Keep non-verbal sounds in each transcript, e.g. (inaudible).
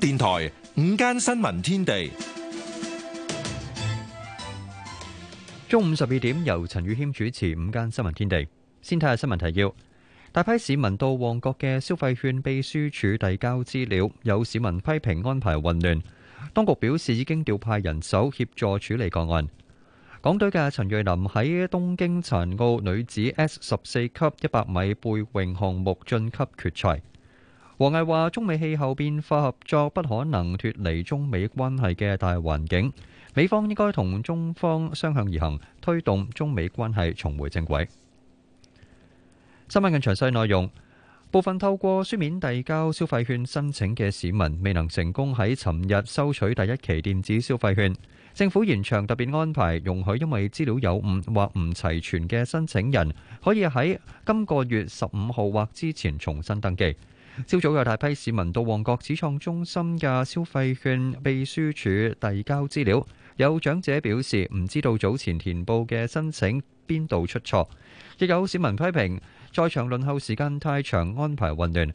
電台午間新聞天地，中午十二點，由陳宇謙主持《午間新聞天地》天地。先睇下新聞提要：大批市民到旺角嘅消費券秘書處遞交資料，有市民批評安排混亂，當局表示已經調派人手協助處理個案。港隊嘅陳瑞琳喺東京殘奧女子 S 十四級一百米背泳項目晉級決賽。王毅話：中美氣候變化合作不可能脫離中美關係嘅大環境，美方應該同中方相向而行，推動中美關係重回正軌。新聞更詳細內容，部分透過書面遞交消費券申請嘅市民未能成功喺尋日收取第一期電子消費券，政府現場特別安排容許因為資料有誤或唔齊全嘅申請人可以喺今個月十五號或之前重新登記。朝早有大批市民到旺角始創中心嘅消費券秘書處遞交資料，有長者表示唔知道早前填報嘅申請邊度出錯，亦有市民批評在場輪候時間太長，安排混亂。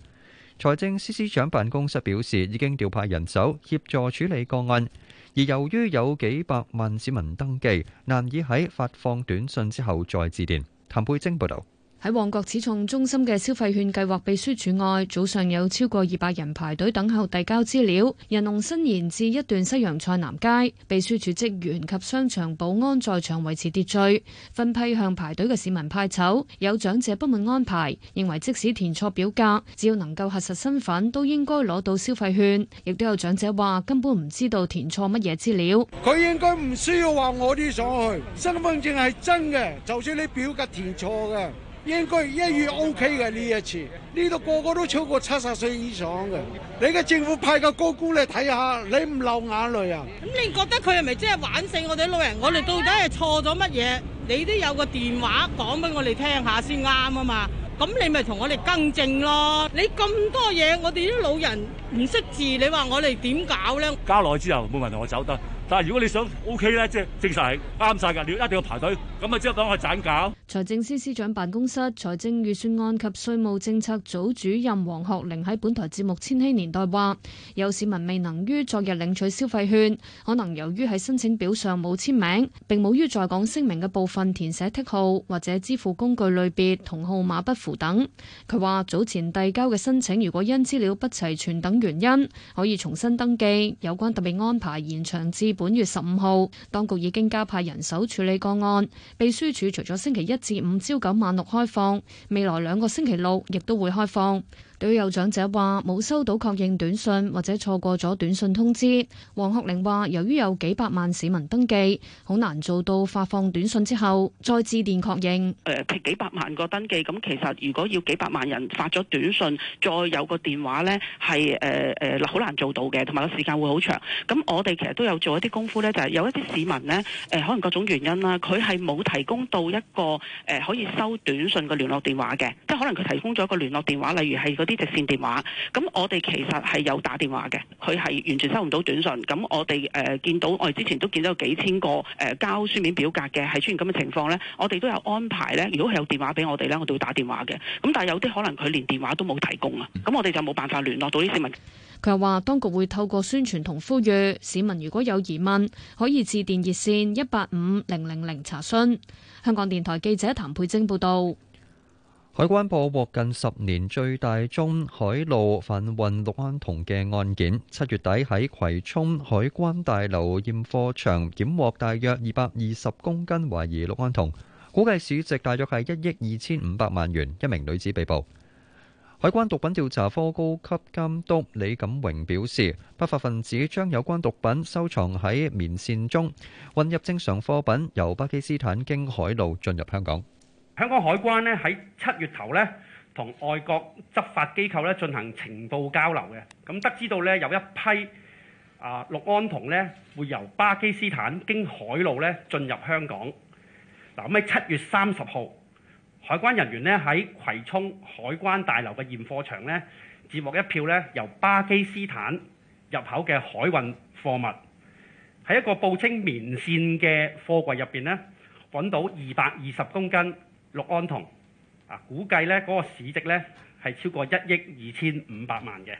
財政司司長辦公室表示，已經調派人手協助處理個案，而由於有幾百萬市民登記，難以喺發放短信之後再致電。譚佩貞報道。喺旺角始創中心嘅消費券計劃秘書處外，早上有超過二百人排隊等候遞交資料。人龍伸延至一段西洋菜南街，秘書處職員及商場保安在場維持秩序，分批向排隊嘅市民派籌。有長者不滿安排，認為即使填錯表格，只要能夠核實身份，都應該攞到消費券。亦都有長者話根本唔知道填錯乜嘢資料。佢應該唔需要話我啲所去，身份證係真嘅，就算你表格填錯嘅。應該一月 OK 嘅呢一次，呢度個個都超過七十歲以上嘅。你嘅政府派個高官嚟睇下，你唔流眼淚啊？咁你覺得佢係咪即係玩死我哋啲老人？我哋到底係錯咗乜嘢？你都有個電話講俾我哋聽下先啱啊嘛。咁你咪同我哋更正咯。你咁多嘢，我哋啲老人唔識字，你話我哋點搞咧？加耐之後冇問題我走得，但係如果你想 OK 咧，即係正曬啱晒噶，你要一定要排隊。咁啊！之後等我斬搞財政司司長辦公室財政預算案及稅務政策組主任黃學玲喺本台節目《千禧年代》話有市民未能於昨日領取消費券，可能由於喺申請表上冇簽名，並冇於在港聲明嘅部分填寫剔號或者支付工具類別同號碼不符等。佢話早前遞交嘅申請如果因資料不齊全等原因，可以重新登記，有關特別安排延長至本月十五號，當局已經加派人手處理個案。秘書處除咗星期一至五朝九晚六開放，未來兩個星期六亦都會開放。對於有長者話冇收到確認短信或者錯過咗短信通知，黃學玲話：由於有幾百萬市民登記，好難做到發放短信之後再致電確認。誒，幾百萬個登記，咁其實如果要幾百萬人發咗短信，再有個電話咧，係誒誒好難做到嘅，同埋個時間會好長。咁我哋其實都有做一啲功夫咧，就係有一啲市民咧，誒可能各種原因啦，佢係冇提供到一個誒可以收短信嘅聯絡電話嘅，即係可能佢提供咗一個聯絡電話，例如係啲直線電話，咁我哋其實係有打電話嘅，佢係完全收唔到短信。咁我哋誒見到我哋之前都見到有幾千個誒交書面表格嘅，係出現咁嘅情況呢，我哋都有安排呢。如果佢有電話俾我哋呢，我哋會打電話嘅。咁但係有啲可能佢連電話都冇提供啊，咁我哋就冇辦法聯絡到啲市民。佢又話，當局會透過宣傳同呼籲市民，如果有疑問，可以致電熱線一八五零零零查詢。香港電台記者譚佩晶報道。海關破獲近十年最大宗海路販運氯胺酮嘅案件，七月底喺葵涌海關大樓驗貨場檢獲大約二百二十公斤懷疑氯胺酮，估計市值大約係一億二千五百萬元，一名女子被捕。海關毒品調查科高級監督李錦榮表示，不法分子將有關毒品收藏喺棉線中，混入正常貨品，由巴基斯坦經海路進入香港。香港海關咧喺七月頭咧，同外國執法機構咧進行情報交流嘅，咁得知道咧有一批啊氯胺酮咧會由巴基斯坦經海路咧進入香港。嗱咁喺七月三十號，海關人員咧喺葵涌海關大樓嘅驗貨場咧截獲一票咧由巴基斯坦入口嘅海運貨物，喺一個報稱棉線嘅貨櫃入邊咧揾到二百二十公斤氯胺酮啊，估計咧嗰個市值咧係超過一億二千五百萬嘅。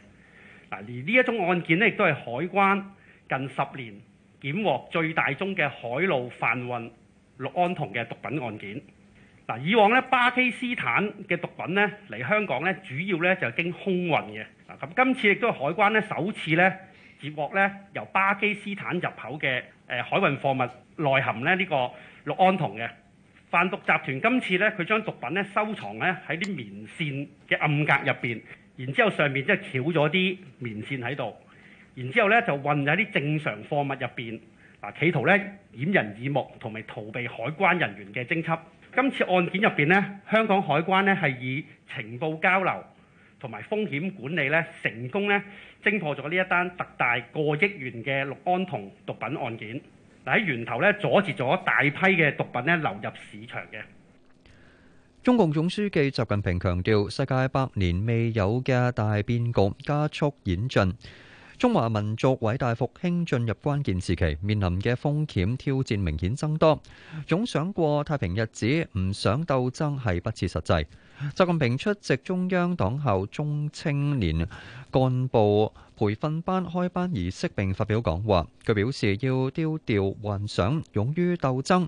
嗱，而呢一宗案件呢，亦都係海關近十年檢獲最大宗嘅海路販運氯胺酮嘅毒品案件。嗱，以往咧巴基斯坦嘅毒品咧嚟香港咧，主要咧就經空運嘅。嗱，咁今次亦都係海關咧首次咧截獲咧由巴基斯坦入口嘅誒海運貨物內含咧呢個氯胺酮嘅。販毒集團今次咧，佢將毒品咧收藏咧喺啲棉線嘅暗格入邊，然之後上面即係翹咗啲棉線喺度，然之後咧就混喺啲正常貨物入邊，企圖掩人耳目同埋逃避海關人員嘅偵緝。今次案件入邊呢，香港海關咧係以情報交流同埋風險管理咧成功咧偵破咗呢一單特大過億元嘅氯胺酮毒品案件。喺源頭呢，阻截咗大批嘅毒品呢流入市場嘅。中共總書記習近平強調，世界百年未有嘅大變局加速演進。中華民族偉大復興進入關鍵時期，面臨嘅風險挑戰明顯增多。總想過太平日子，唔想鬥爭係不切實際。習近平出席中央黨校中青年幹部培訓班開班儀式並發表講話，佢表示要丟掉幻想，勇於鬥爭。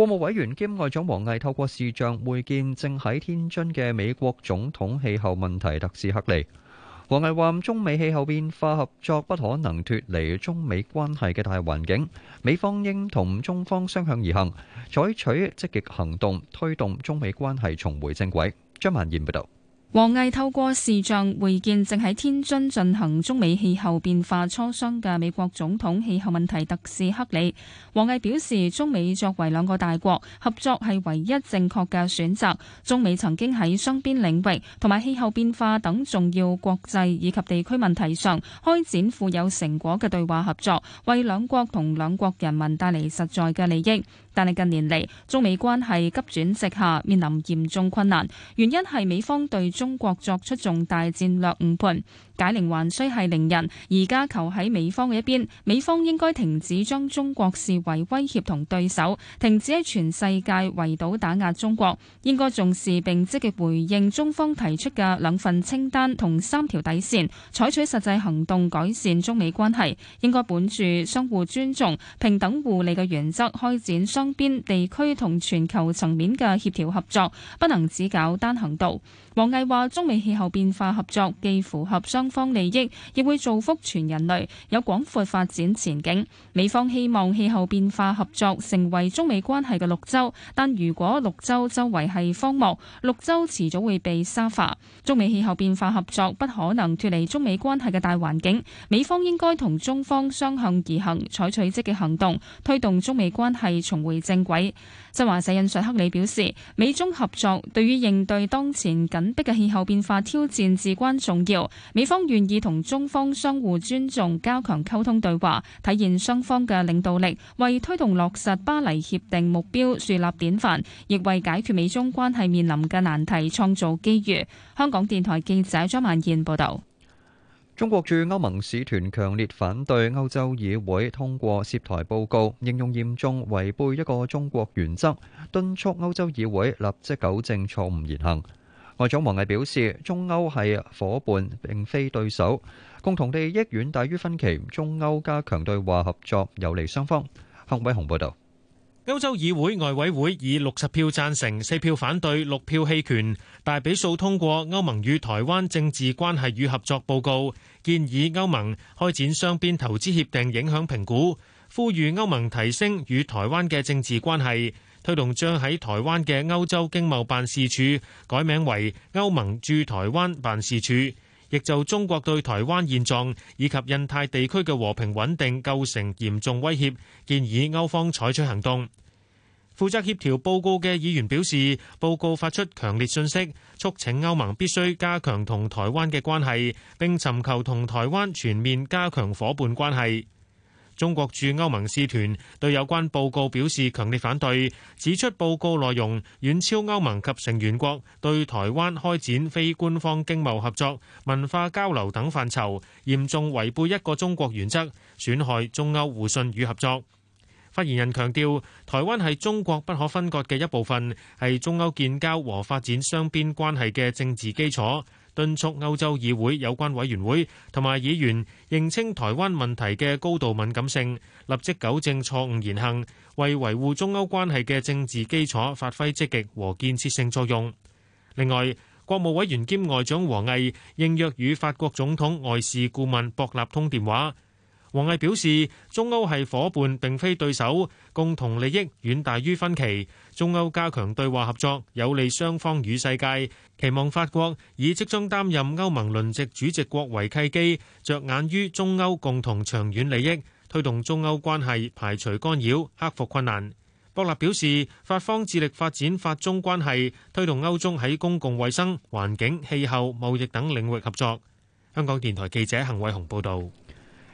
國務委員兼外長王毅透過視像會見正喺天津嘅美國總統氣候問題特使克里。王毅話，中美氣候變化合作不可能脫離中美關係嘅大環境，美方應同中方相向而行，採取積極行動推動中美關係重回正軌。張曼燕報道。王毅透過視像會見正喺天津進行中美氣候變化磋商嘅美國總統氣候問題特使克里。王毅表示，中美作為兩個大國，合作係唯一正確嘅選擇。中美曾經喺雙邊領域同埋氣候變化等重要國際以及地區問題上，開展富有成果嘅對話合作，為兩國同兩國人民帶嚟實在嘅利益。但係近年嚟，中美關係急轉直下，面臨嚴重困難，原因係美方對中國作出重大戰略誤判。解鈴還需繫鈴人，而家球喺美方嘅一邊，美方應該停止將中國視為威脅同對手，停止喺全世界圍堵打壓中國，應該重視並積極回應中方提出嘅兩份清單同三條底線，採取實際行動改善中美關係。應該本住相互尊重、平等互利嘅原則，開展雙邊、地區同全球層面嘅協調合作，不能只搞單行道。王毅話：中美氣候變化合作既符合雙方利益，亦會造福全人類，有廣闊發展前景。美方希望氣候變化合作成為中美關係嘅綠洲，但如果綠洲周圍係荒漠，綠洲遲早會被沙化。中美氣候變化合作不可能脫離中美關係嘅大環境，美方應該同中方相向而行，採取積極行動，推動中美關係重回正軌。新華社引述克里表示：美中合作對於應對當前緊逼嘅氣候變化挑戰至關重要，美方願意同中方相互尊重、加強溝通對話，體現雙方嘅領導力，為推動落實巴黎協定目標樹立典範，亦為解決美中關係面臨嘅難題創造機遇。香港電台記者張萬燕報道。中國駐歐盟使團強烈反對歐洲議會通過涉台報告，形容嚴重違背一個中國原則，敦促歐洲議會立即糾正錯誤言行。外長王毅表示，中歐係夥伴並非對手，共同利益遠大於分歧，中歐加強對話合作有利雙方。康偉雄報道。歐洲議會外委會以六十票贊成、四票反對、六票棄權，大比數通過歐盟與台灣政治關係與合作報告，建議歐盟開展雙邊投資協定影響評估，呼籲歐盟提升與台灣嘅政治關係。推動將喺台灣嘅歐洲經貿辦事處改名為歐盟駐台灣辦事處，亦就中國對台灣現狀以及印太地區嘅和平穩定構成嚴重威脅，建議歐方採取行動。負責協調報告嘅議員表示，報告發出強烈訊息，促請歐盟必須加強同台灣嘅關係，並尋求同台灣全面加強夥伴關係。中國駐歐盟使團對有關報告表示強烈反對，指出報告內容遠超歐盟及成員國對台灣開展非官方經貿合作、文化交流等範疇，嚴重違背一個中國原則，損害中歐互信與合作。發言人強調，台灣係中國不可分割嘅一部分，係中歐建交和發展雙邊關係嘅政治基礎。敦促歐洲議會有關委員會同埋議員認清台灣問題嘅高度敏感性，立即糾正錯誤言行，為維護中歐關係嘅政治基礎發揮積極和建設性作用。另外，國務委員兼外長王毅應約與法國總統外事顧問博納通電話。王毅表示，中歐係伙伴並非對手，共同利益遠大於分歧。中歐加強對話合作，有利雙方與世界。期望法國以即將擔任歐盟輪值主席國為契機，着眼於中歐共同長遠利益，推動中歐關係排除干擾，克服困難。博納表示，法方致力發展法中關係，推動歐中喺公共衛生、環境、氣候、貿易等領域合作。香港電台記者幸偉雄報導。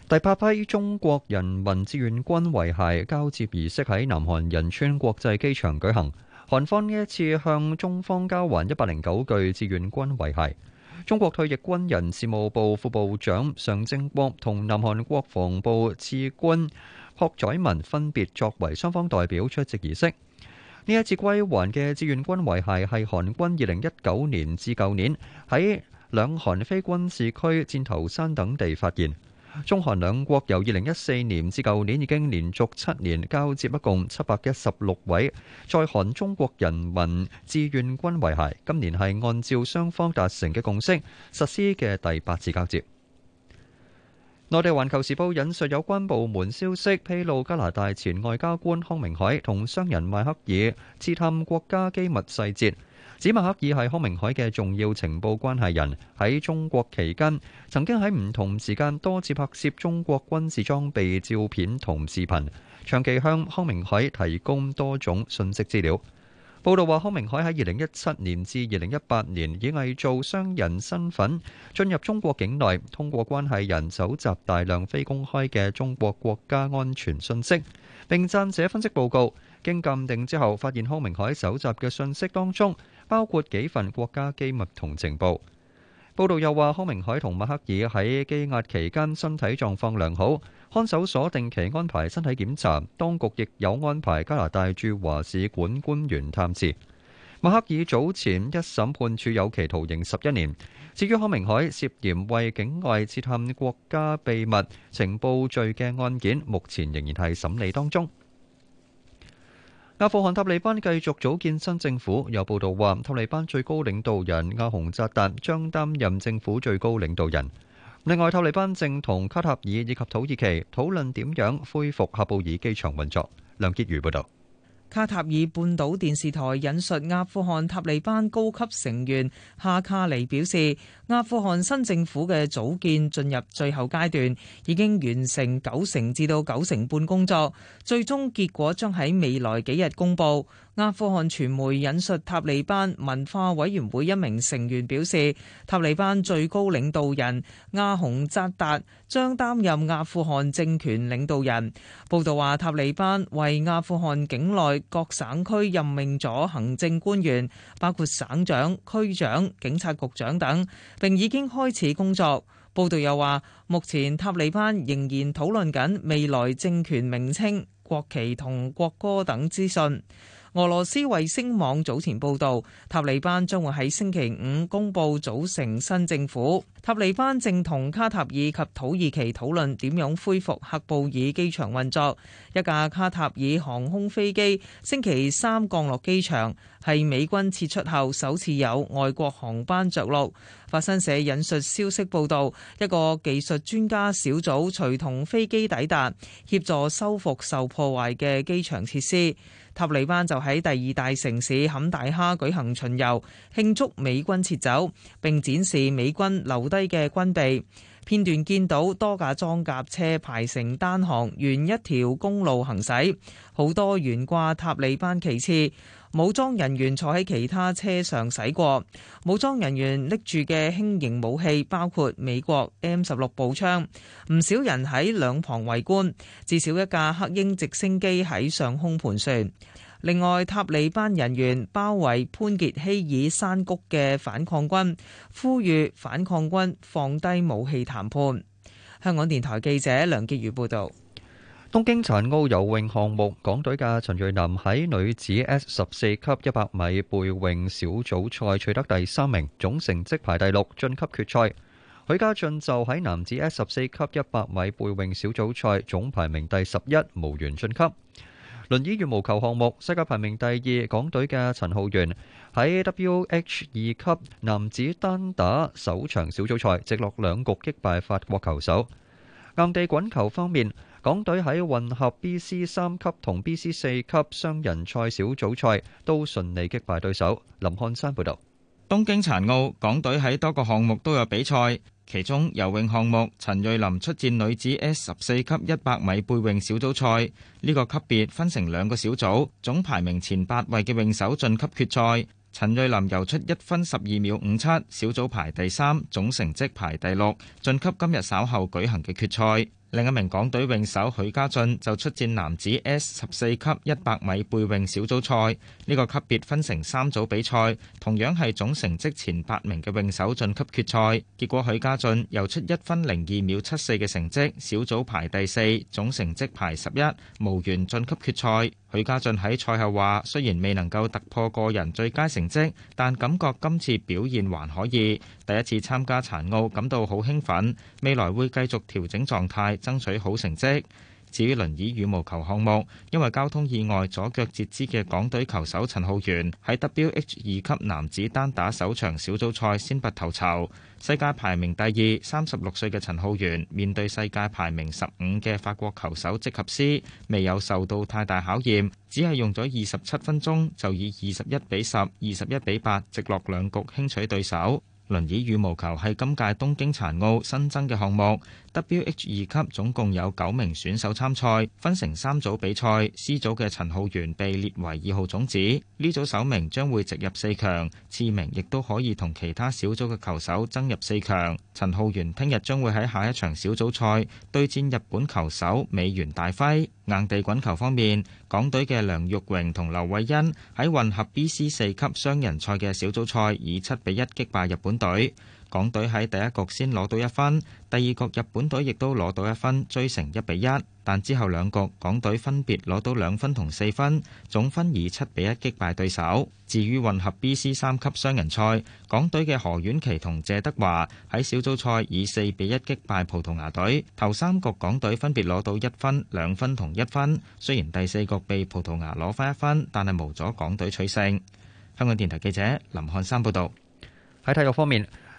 第八批中國人民志願軍遺骸交接儀式喺南韓仁川國際機場舉行。韓方呢一次向中方交還一百零九具志願軍遺骸。中國退役軍人事務部副部長常正國同南韓國防部次官朴宰民分別作為雙方代表出席儀式。呢一次歸還嘅志願軍遺骸係韓軍二零一九年至舊年喺兩韓非軍事區箭頭山等地發現。中韓兩國由二零一四年至舊年已經連續七年交接，一共七百一十六位在韓中國人民志願軍遺骸。今年係按照雙方達成嘅共識實施嘅第八次交接。內地《環球時報》引述有關部門消息，披露加拿大前外交官康明凱同商人邁克爾刺探國家機密細節。指麥克爾係康明凱嘅重要情報關係人，喺中國期間曾經喺唔同時間多次拍攝中國軍事裝備照片同視頻，長期向康明凱提供多種信息資料。報道話康明凱喺二零一七年至二零一八年以偽造商人身份進入中國境內，通過關係人搜集大量非公開嘅中國國家安全信息，並撰寫分析報告，經鑑定之後發現康明凱搜集嘅信息當中，包括幾份國家機密同情報。報道又話，康明凱同麥克爾喺羈押期間身體狀況良好，看守所定期安排身體檢查，當局亦有安排加拿大駐華使館官員探視。麥克爾早前一審判處有期徒刑十一年。至於康明凱涉嫌為境外刺探國家秘密情報罪嘅案件，目前仍然係審理當中。阿富汗塔利班繼續組建新政府，有報道話塔利班最高領導人阿洪扎達將擔任政府最高領導人。另外，塔利班正同卡塔爾以及土耳其討論點樣恢復喀布爾機場運作。梁潔如報導。卡塔爾半島電視台引述阿富汗塔利班高級成員哈卡尼表示，阿富汗新政府嘅組建進入最後階段，已經完成九成至到九成半工作，最終結果將喺未來幾日公佈。阿富汗傳媒引述塔利班文化委員會一名成員表示，塔利班最高領導人阿洪扎達將擔任阿富汗政權領導人。報道話，塔利班為阿富汗境內各省區任命咗行政官員，包括省長、區長、警察局長等，並已經開始工作。報道又話，目前塔利班仍然討論緊未來政權名稱、國旗同國歌等資訊。俄羅斯衛星網早前報道，塔利班將會喺星期五公布組成新政府。塔利班正同卡塔爾及土耳其討論點樣恢復喀布爾機場運作。一架卡塔爾航空飛機星期三降落機場。係美軍撤出後首次有外國航班着陸。法新社引述消息報道，一個技術專家小組隨同飛機抵達，協助修復受破壞嘅機場設施。塔利班就喺第二大城市坎大哈舉行巡遊，慶祝美軍撤走並展示美軍留低嘅軍備。片段見到多架裝甲車排成單行沿一條公路行駛，好多懸掛塔利班旗幟。武裝人員坐喺其他車上駛過，武裝人員拎住嘅輕型武器包括美國 M 十六步槍，唔少人喺兩旁圍觀，至少一架黑鷹直升機喺上空盤旋。另外，塔利班人員包圍潘傑希爾山谷嘅反抗軍，呼籲反抗軍放低武器談判。香港電台記者梁潔如報導。東京殘奧游泳項目，港隊嘅陳瑞琳喺女子 S 十四級一百米背泳小組賽取得第三名，總成績排第六晉級決賽。許家俊就喺男子 S 十四級一百米背泳小組賽總排名第十一，無緣晉級。輪椅羽毛球項目，世界排名第二，港隊嘅陳浩源喺 WH 二級男子單打首場小組賽直落兩局擊敗法國球手。硬地滾球方面，港隊喺混合 BC 三級同 BC 四級雙人賽小組賽都順利擊敗對手。林漢山報道。東京殘奧，港隊喺多個項目都有比賽，其中游泳項目，陳瑞琳出戰女子 S 十四級一百米背泳小組賽。呢個級別分成兩個小組，總排名前八位嘅泳手晉級決賽。陳瑞琳游出一分十二秒五七，小組排第三，總成績排第六，晉級今日稍後舉行嘅決賽。另一名港隊泳手許家俊就出戰男子 S 十四級一百米背泳小組賽，呢個級別分成三組比賽，同樣係總成績前八名嘅泳手晉級決賽。結果許家俊游出一分零二秒七四嘅成績，小組排第四，總成績排十一，無緣晉級決賽。許家俊喺賽後話：雖然未能夠突破個人最佳成績，但感覺今次表現還可以。第一次參加殘奧，感到好興奮。未來會繼續調整狀態，爭取好成績。至於輪椅羽毛球項目，因為交通意外左腳截肢嘅港隊球手陳浩源喺 W H 二級男子單打首場小組賽先拔頭籌。世界排名第二、三十六歲嘅陳浩源面對世界排名十五嘅法國球手積及斯，未有受到太大考驗，只係用咗二十七分鐘就以二十一比十、二十一比八直落兩局輕取對手。輪椅羽毛球係今屆東京殘奧新增嘅項目。W H 二級總共有九名選手參賽，分成三組比賽。C 組嘅陳浩源被列為二號種子，呢組首名將會直入四強，次名亦都可以同其他小組嘅球手爭入四強。陳浩源聽日將會喺下一場小組賽對戰日本球手美原大輝。硬地滾球方面，港隊嘅梁玉榮同劉慧欣喺混合 B C 四級雙人賽嘅小組賽，以七比一擊敗日本隊。港隊喺第一局先攞到一分，第二局日本隊亦都攞到一分，追成一比一。但之後兩局，港隊分別攞到兩分同四分，總分以七比一擊敗對手。至於混合 B C 三級雙人賽，港隊嘅何婉琪同謝德華喺小組賽以四比一擊敗葡萄牙隊。頭三局港隊分別攞到一分、兩分同一分，雖然第四局被葡萄牙攞翻一分，但係無阻港隊取勝。香港電台記者林漢山報道。喺體育方面。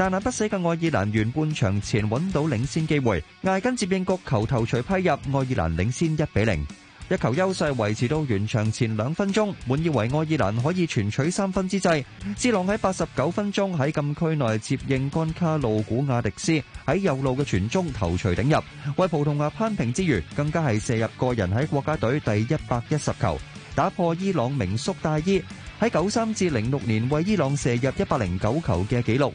大難不死嘅愛爾蘭，完半場前揾到領先機會，艾根接應角球頭槌批入，愛爾蘭領先一比零，一球優勢維持到完場前兩分鐘。滿以為愛爾蘭可以全取三分之際，C 朗喺八十九分鐘喺禁區內接應甘卡路古亞迪斯喺右路嘅傳中頭槌頂入，為葡萄牙攀平之餘，更加係射入個人喺國家隊第一百一十球，打破伊朗名宿大伊喺九三至零六年為伊朗射入一百零九球嘅紀錄。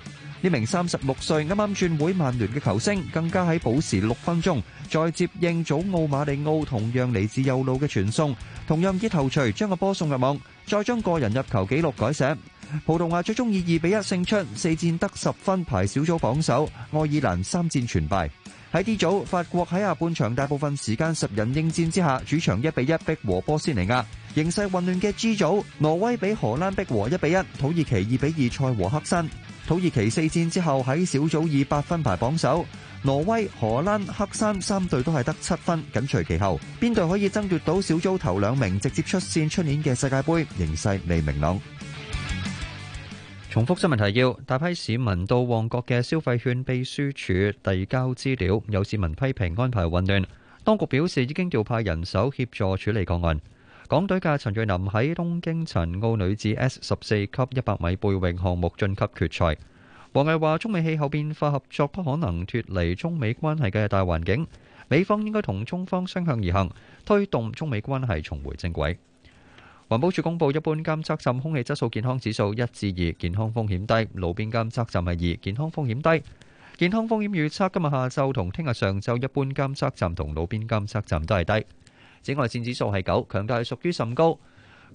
呢名三十六歲啱啱轉會曼聯嘅球星，更加喺補時六分鐘再接應祖奧馬利奧，同樣嚟自右路嘅傳送，同樣以頭槌將個波送入網，再將個人入球紀錄改寫。葡萄牙最終以二比一勝出，四戰得十分排小組榜首。愛爾蘭三戰全敗。喺 D 組，法國喺下半場大部分時間十人應戰之下，主場一比一逼和波斯尼亞。形勢混亂嘅 G 組，挪威比荷蘭逼和一比一，土耳其二比二賽和黑山。土耳其四戰之後喺小組以八分排榜首，挪威、荷蘭、黑山三隊都係得七分，緊隨其後。邊隊可以爭奪到小組頭兩名，直接出線出年嘅世界杯？形勢未明朗。重複新聞提要：大批市民到旺角嘅消費券秘書處遞交資料，有市民批評安排混亂，當局表示已經調派人手協助處理個案。港隊嘅陳瑞琳喺東京殘奧女子 S 十四級一百米背泳項目晉級決賽。王毅話：中美氣候變化合作不可能脱離中美關係嘅大環境，美方應該同中方相向而行，推動中美關係重回正軌。環保署公布一般監測站空氣質素健康指數一至二，健康風險低；路邊監測站係二，健康風險低。健康風險預測今日下晝同聽日上晝一般監測站同路邊監測站都係低。紫外線指數係九，強度係屬於甚高。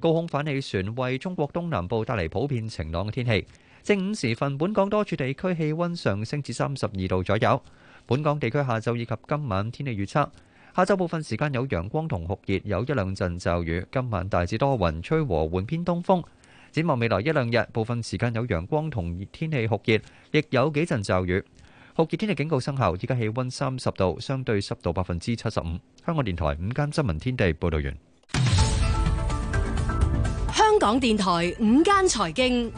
高空反氣旋為中國東南部帶嚟普遍晴朗嘅天氣。正午時分，本港多處地區氣温上升至三十二度左右。本港地區下晝以及今晚天氣預測：下晝部分時間有陽光同酷熱，有一兩陣驟雨；今晚大致多雲，吹和緩偏東風。展望未來一兩日，部分時間有陽光同天氣酷熱，亦有幾陣驟雨。酷熱天氣警告生效。依家氣温三十度，相對濕度百分之七十五。香港電台午間新聞天地報道完。香港電台午間財經，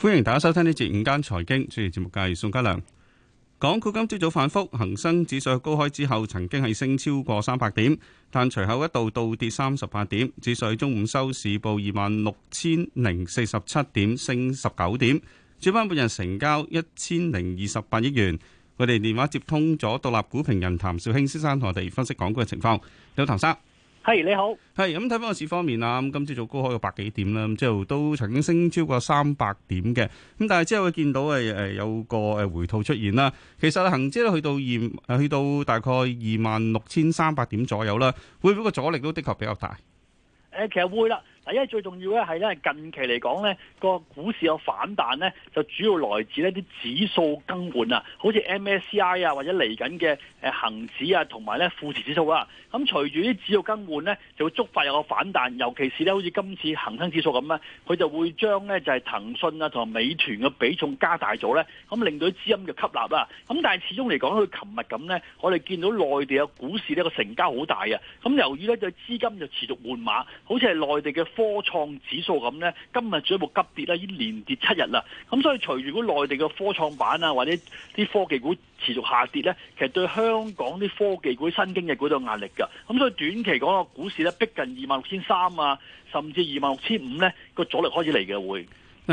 歡迎大家收聽呢節午間財經，主持節目嘅係宋嘉良。港股今朝早反覆，恒生指數高開之後，曾經係升超過三百點，但隨後一度倒跌三十八點，指數中午收市報二萬六千零四十七點，升十九點。主板半日成交一千零二十八億元。我哋電話接通咗獨立股評人譚紹興先生，同我哋分析港股嘅情況。你好，譚生。係、hey，你好，係咁睇翻個市方面啊，咁今朝早高開個百幾點啦，咁之後都曾經升超過三百點嘅，咁但係之後會見到係誒有個誒回吐出現啦，其實行之咧去到二，去到大概二萬六千三百點左右啦，會唔會個阻力都的確比較大？誒，其實會啦。嗱，因為最重要咧，係咧近期嚟講咧，個股市有反彈咧，就主要來自呢啲指數更換啊，好似 MSCI 啊，或者嚟緊嘅誒恆指啊，同埋咧富時指數啊。咁隨住啲指數更換咧，就會觸發有個反彈，尤其是咧好似今次恒生指數咁咧，佢就會將咧就係騰訊啊同埋美團嘅比重加大咗咧，咁令到啲資金嘅吸納啦。咁但係始終嚟講，佢琴日咁咧，我哋見到內地嘅股市呢個成交好大啊。咁由於咧就資金就持續換馬，好似係內地嘅。科創指數咁呢，今日進一步急跌咧，已經連跌七日啦。咁、嗯、所以隨住嗰內地嘅科創板啊，或者啲科技股持續下跌呢，其實對香港啲科技股新經濟股都有壓力噶。咁、嗯、所以短期講個股市呢，逼近二萬六千三啊，甚至二萬六千五呢個阻力開始嚟嘅會。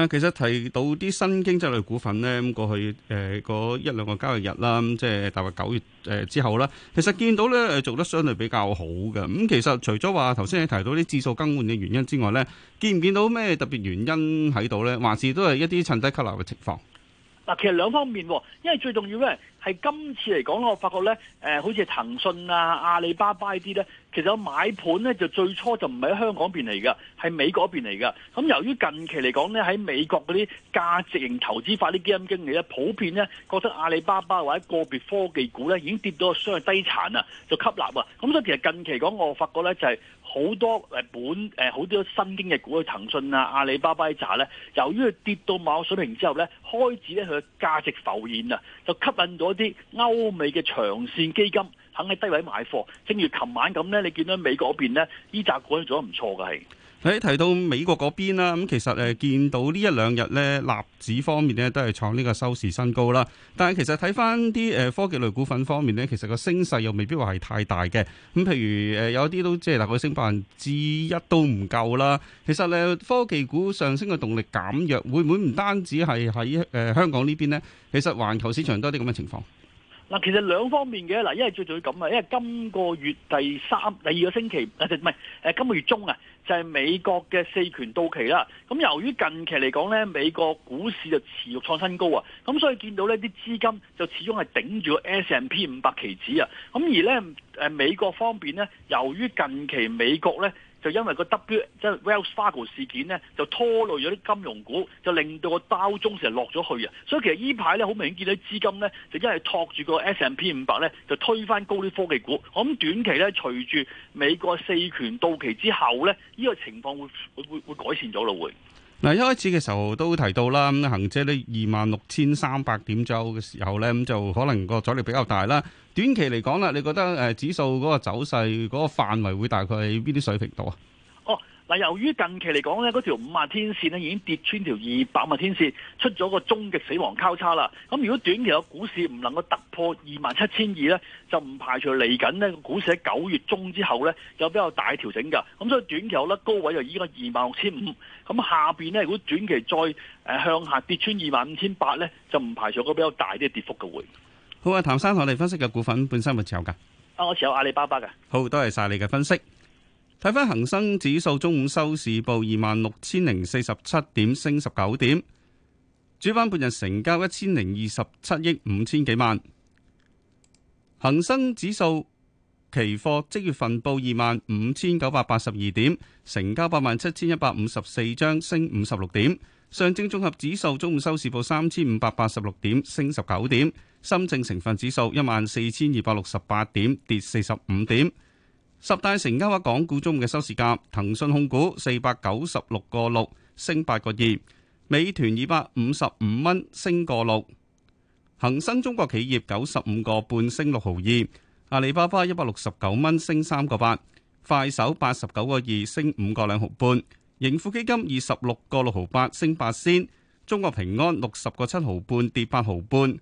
其實提到啲新經濟類股份呢，咁過去誒一兩個交易日啦，即係大概九月誒之後啦，其實見到呢做得相對比較好嘅。咁其實除咗話頭先你提到啲指數更換嘅原因之外呢，見唔見到咩特別原因喺度呢？還是都係一啲趁低吸納嘅情況？嗱，其實兩方面喎，因為最重要咧係今次嚟講我發覺咧，誒、呃、好似騰訊啊、阿里巴巴呢啲咧，其實我買盤咧就最初就唔係喺香港邊嚟嘅，係美國嗰邊嚟嘅。咁由於近期嚟講咧，喺美國嗰啲價值型投資法啲基金經理咧，普遍咧覺得阿里巴巴或者個別科技股咧已經跌到相當低殘啊，就吸納啊。咁所以其實近期講我發覺咧就係、係。好多，誒，本，誒，好多新經濟股嘅騰訊啊、阿里巴巴呢扎呢，由於佢跌到某水平之後咧，開始咧佢嘅價值浮現啊，就吸引咗啲歐美嘅長線基金肯喺低位買貨。正如琴晚咁咧，你見到美國嗰邊咧，呢扎股都做得唔錯嘅係。喺提到美國嗰邊啦，咁其實誒見到呢一兩日咧，納指方面咧都係創呢個收市新高啦。但係其實睇翻啲誒科技類股份方面咧，其實個升勢又未必話係太大嘅。咁譬如誒有啲都即係大概升百分之一都唔夠啦。其實咧科技股上升嘅動力減弱，會唔會唔單止係喺誒香港呢邊呢？其實環球市場都係啲咁嘅情況嗱，其實兩方面嘅嗱，一係最早要咁啊，一係今個月第三第二個星期啊，唔係誒今個月中啊。就係美國嘅四權到期啦，咁由於近期嚟講咧，美國股市就持續創新高啊，咁所以見到呢啲資金就始終係頂住個 S&P 五百期指啊，咁而咧誒美國方面咧，由於近期美國咧。就因為個 W 即係 Wells Fargo 事件呢，就拖累咗啲金融股，就令到個包中成日落咗去啊！所以其實呢排呢，好明顯見到啲資金呢，就因為托住個 S&P 五百呢，就推返高啲科技股。我諗短期呢，隨住美國四權到期之後呢，呢、呢個情況會會會改善咗咯，會。嗱，一開始嘅時候都提到啦，咁恒指咧二萬六千三百點左右嘅時候咧，咁就可能個阻力比較大啦。短期嚟講啦，你覺得誒指數嗰個走勢嗰個範圍會大概喺邊啲水平度啊？嗱，由於近期嚟講咧，嗰條五十天線咧已經跌穿條二百天線，出咗個終極死亡交叉啦。咁如果短期個股市唔能夠突破二萬七千二咧，就唔排除嚟緊呢股市喺九月中之後咧有比較大調整嘅。咁所以短期有咧高位就依家二萬六千五，咁下邊咧如果短期再誒向下跌穿二萬五千八咧，就唔排除個比較大啲嘅跌幅嘅會。好啊，譚生同我哋分析嘅股份本身咪持有噶？啊，我持有阿里巴巴嘅。好，多謝晒你嘅分析。睇返恒生指數中午收市報二萬六千零四十七點，升十九點。主板半日成交一千零二十七億五千幾萬。恒生指數期貨即月份報二萬五千九百八十二點，成交八萬七千一百五十四張，升五十六點。上證綜合指數中午收市報三千五百八十六點，升十九點。深證成分指數一萬四千二百六十八點，跌四十五點。十大成交額港股中午嘅收市價：騰訊控股四百九十六個六升八個二，美團二百五十五蚊升個六，恒生中國企業九十五個半升六毫二，阿里巴巴一百六十九蚊升三個八，快手八十九個二升五個兩毫半，盈富基金二十六個六毫八升八仙，中國平安六十個七毫半跌八毫半。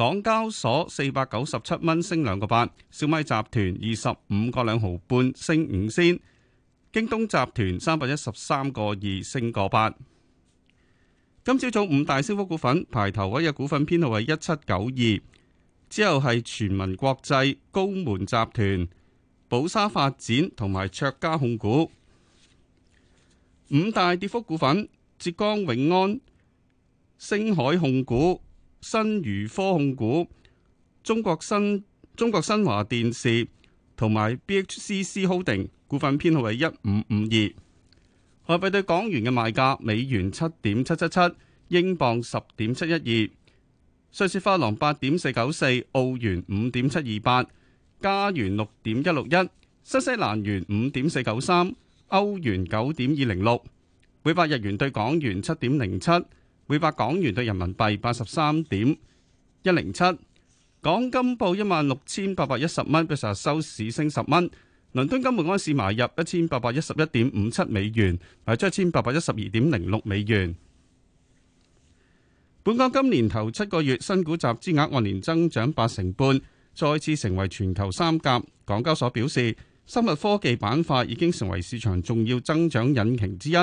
港交所四百九十七蚊升兩個八，小米集團二十五個兩毫半升五仙，京東集團三百一十三個二升個八。今朝早五大升幅股份，排頭位嘅股份編號係一七九二，之後係全民國際、高門集團、寶沙發展同埋卓家控股。五大跌幅股份，浙江永安、星海控股。新如科控股、中國新、中國新華電視同埋 BHCC Holding 股份編號為一五五二。外幣對港元嘅賣價：美元七點七七七，英鎊十點七一二，瑞士法郎八點四九四，澳元五點七二八，加元六點一六一，新西蘭元五點四九三，歐元九點二零六，每百日元對港元七點零七。每百港元兌人民幣八十三點一零七，港金報一萬六千八百一十蚊，比成收市升十蚊。倫敦金每盎司買入一千八百一十一點五七美元，賣出一千八百一十二點零六美元。本港今年頭七個月新股集資額按年增長八成半，再次成為全球三甲。港交所表示，生物科技板塊已經成為市場重要增長引擎之一。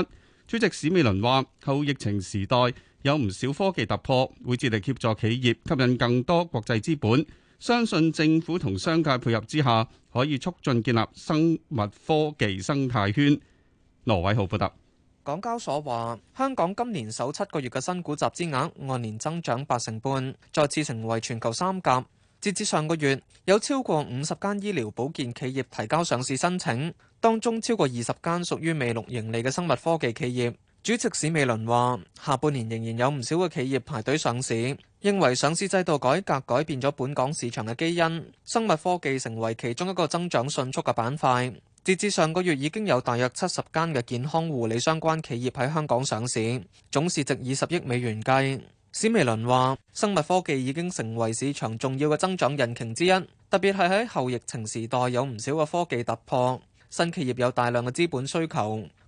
主席史美倫話：後疫情時代，有唔少科技突破，會致力協助企業吸引更多國際資本。相信政府同商界配合之下，可以促進建立生物科技生態圈。羅偉浩報道。港交所話，香港今年首七個月嘅新股集資額按年增長八成半，再次成為全球三甲。截至上個月，有超過五十間醫療保健企業提交上市申請，當中超過二十間屬於未錄盈利嘅生物科技企業。主席史美倫話：下半年仍然有唔少嘅企業排隊上市，認為上市制度改革改變咗本港市場嘅基因。生物科技成為其中一個增長迅速嘅板塊。截至上個月，已經有大約七十間嘅健康護理相關企業喺香港上市，總市值以十億美元計。史美倫話：生物科技已經成為市場重要嘅增長引擎之一，特別係喺後疫情時代，有唔少嘅科技突破，新企業有大量嘅資本需求。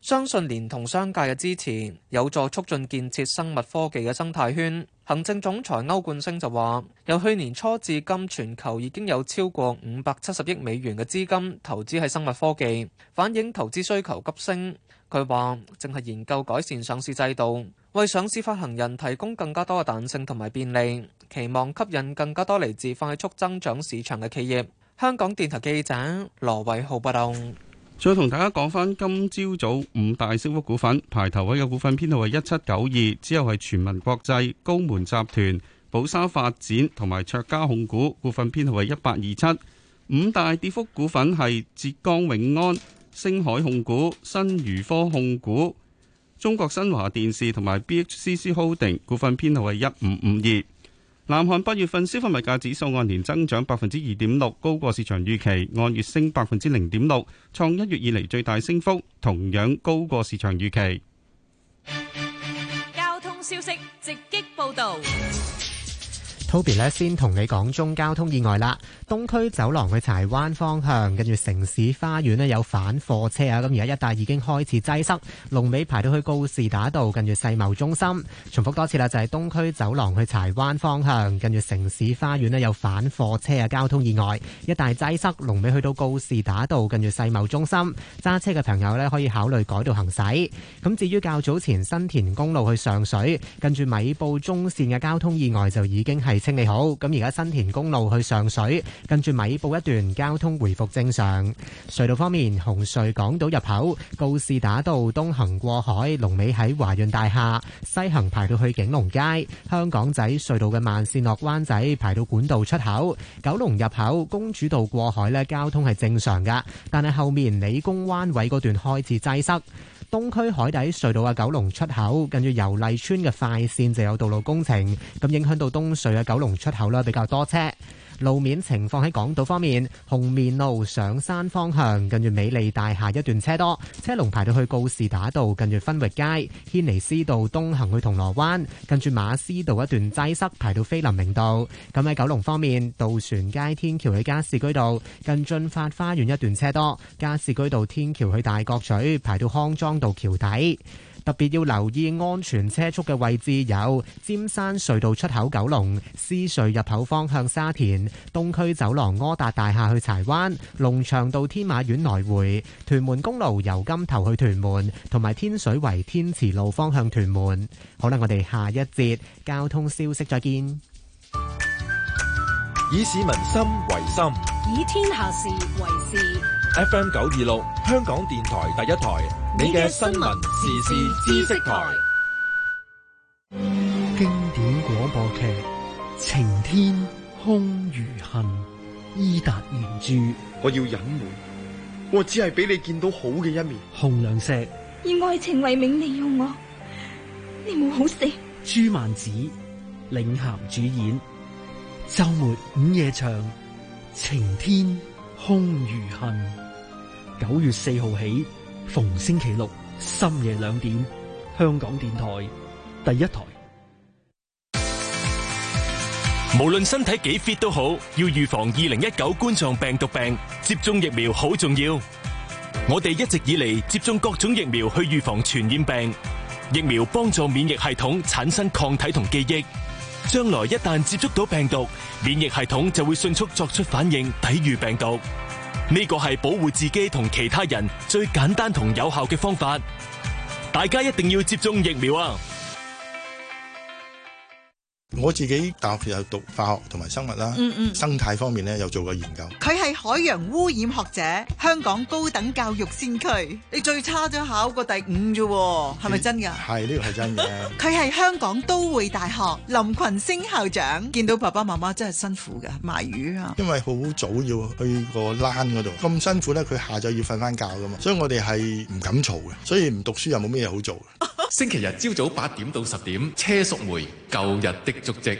相信連同商界嘅支持，有助促進建設生物科技嘅生態圈。行政總裁歐冠升就話，由去年初至今，全球已經有超過五百七十億美元嘅資金投資喺生物科技，反映投資需求急升。佢話，正係研究改善上市制度，為上市發行人提供更加多嘅彈性同埋便利，期望吸引更加多嚟自快速增長市場嘅企業。香港電台記者羅偉浩報道。再同大家講翻，今朝早，早五大升幅股份排頭位嘅股份編號係一七九二，之後係全民國際、高門集團、寶沙發展同埋卓家控股股份編號係一八二七。五大跌幅股份係浙江永安、星海控股、新漁科控股、中國新華電視同埋 BHCC Holding 股份編號係一五五二。南韓八月份消費物價指數按年增長百分之二點六，高過市場預期，按月升百分之零點六，創一月以嚟最大升幅，同樣高過市場預期。交通消息直擊報道。Toby 咧，先同你講中交通意外啦，東區走廊去柴灣方向，跟住城市花園呢，有反貨車啊，咁而家一帶已經開始擠塞，龍尾排到去告士打道，跟住世貿中心。重複多次啦，就係、是、東區走廊去柴灣方向，跟住城市花園呢，有反貨車啊，交通意外，一帶擠塞，龍尾去到告士打道，跟住世貿中心。揸車嘅朋友呢，可以考慮改道行駛。咁至於較早前新田公路去上水，跟住米埔中線嘅交通意外就已經係。清理好咁，而家新田公路去上水，跟住米埔一段交通回復正常。隧道方面，紅隧港島入口、告士打道東行過海，龍尾喺華潤大廈；西行排到去景隆街。香港仔隧道嘅慢線落灣仔，排到管道出口；九龍入口公主道過海呢，交通係正常㗎，但係後面理工灣位嗰段開始擠塞。東區海底隧道嘅九龍出口，近住油麗村嘅快線就有道路工程，咁影響到東隧嘅九龍出口啦，比較多車。路面情況喺港島方面，紅棉路上山方向近住美利大廈一段車多，車龍排到去告士打道近住分域街，軒尼詩道東行去銅鑼灣，近住馬師道一段擠塞，排到菲林明道。咁喺九龍方面，渡船街天橋去加士居道近駿發花園一段車多，加士居道天橋去大角咀排到康莊道橋底。特別要留意安全車速嘅位置有尖山隧道出口，九龍、九龍獅隧入口方向、沙田東區走廊柯達大廈去柴灣、龍翔道天馬苑來回、屯門公路油柑頭去屯門，同埋天水圍天慈路方向屯門。好啦，我哋下一節交通消息再見。以市民心為心，以天下事為事。FM 九二六，香港電台第一台，你嘅新聞時事知識台。經典廣播劇《晴天空如恨》，伊達原著。我要隱瞞，我只係俾你見到好嘅一面。紅娘石以愛情為名利用我，你冇好死。朱曼子、領銜主演，周末午夜場《晴天空如恨》。九月四號起，逢星期六，深夜兩點，香港電台第一台。無論身體幾 fit 都好，要預防二零一九冠狀病毒病，接種疫苗好重要。我哋一直以嚟接種各種疫苗去預防傳染病，疫苗幫助免疫系統產生抗體同記憶，將來一旦接觸到病毒，免疫系統就會迅速作出反應，抵禦病毒。呢個係保護自己同其他人最簡單同有效嘅方法，大家一定要接種疫苗啊！我自己大學有讀化學同埋生物啦，嗯嗯生態方面咧有做過研究。佢係海洋污染學者，香港高等教育先驅，你最差就考過第五啫，係咪真噶？係呢、呢個係真嘅。佢係 (laughs) 香港都會大學林群星校長。見到爸爸媽媽真係辛苦噶，賣魚啊！因為好早要去個欄嗰度，咁辛苦咧，佢下晝要瞓翻覺噶嘛，所以我哋係唔敢嘈嘅，所以唔讀書又冇咩嘢好做。星期日朝早八點到十點，車淑梅《舊日的足跡》，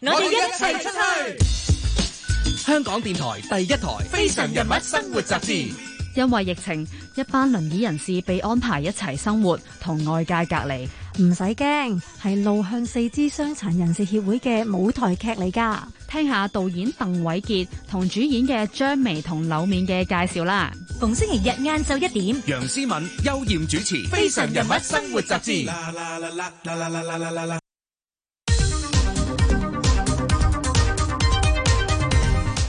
我哋一齊出去。香港電台第一台《非常人物生活雜誌》。因為疫情，一班輪椅人士被安排一齊生活，同外界隔離，唔使驚，係路向四肢傷殘人士協會嘅舞台劇嚟噶。聽下導演鄧偉傑同主演嘅張薇同柳冕嘅介紹啦。逢星期日晏晝一點，楊思敏、邱艷主持《非常人物生活雜誌》，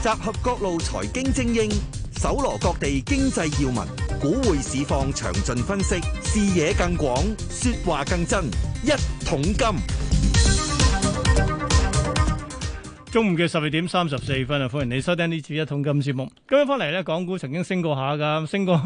集合各路財經精英，搜羅各地經濟要聞，股匯市況詳盡分析，視野更廣，說話更真。一桶金，中午嘅十二點三十四分啊！歡迎你收聽呢次一桶金節目。今日翻嚟咧，港股曾經升過下噶，升過。